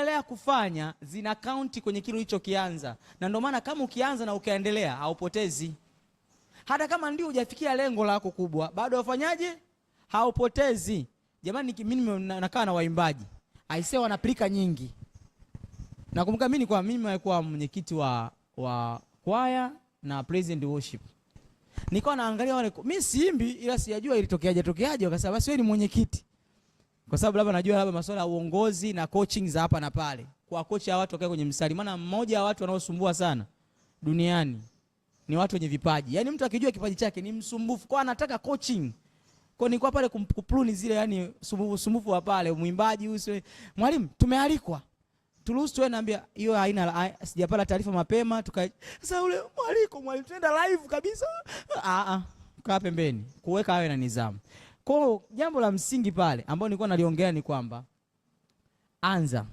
unaendelea kufanya zina kaunti kwenye kile ulichokianza, na ndio maana kama ukianza na ukaendelea haupotezi. Hata kama ndio hujafikia lengo lako kubwa, bado wafanyaje? Haupotezi. Jamani, mimi nakaa na waimbaji aisee, wanapilika nyingi. Nakumbuka mimi kwa mimi nilikuwa mwenyekiti wa wa kwaya na praise and worship, nilikuwa naangalia wale. Mimi siimbi, ila sijajua ilitokeaje tokeaje, wakasema basi wewe ni mwenyekiti kwa sababu labda najua labda masuala ya uongozi na coaching za hapa na pale, kwa kocha watu wakae kwenye mstari. Maana mmoja wa watu wanaosumbua sana duniani ni watu wenye vipaji, yaani mtu akijua kipaji chake ni msumbufu, kwa anataka coaching kwa ni kwa pale kupluni zile, yani sumbufu sumbufu wa pale mwimbaji uswe mwalimu, tumealikwa turuhusu tuwe, naambia hiyo haina, sijapata taarifa mapema. Tuka sasa ule mwaliko, mwalimu tunaenda live kabisa, Ah ah, kaa pembeni, kuweka awe na nidhamu. Kwa jambo la msingi pale ambao nilikuwa naliongea ni kwamba anza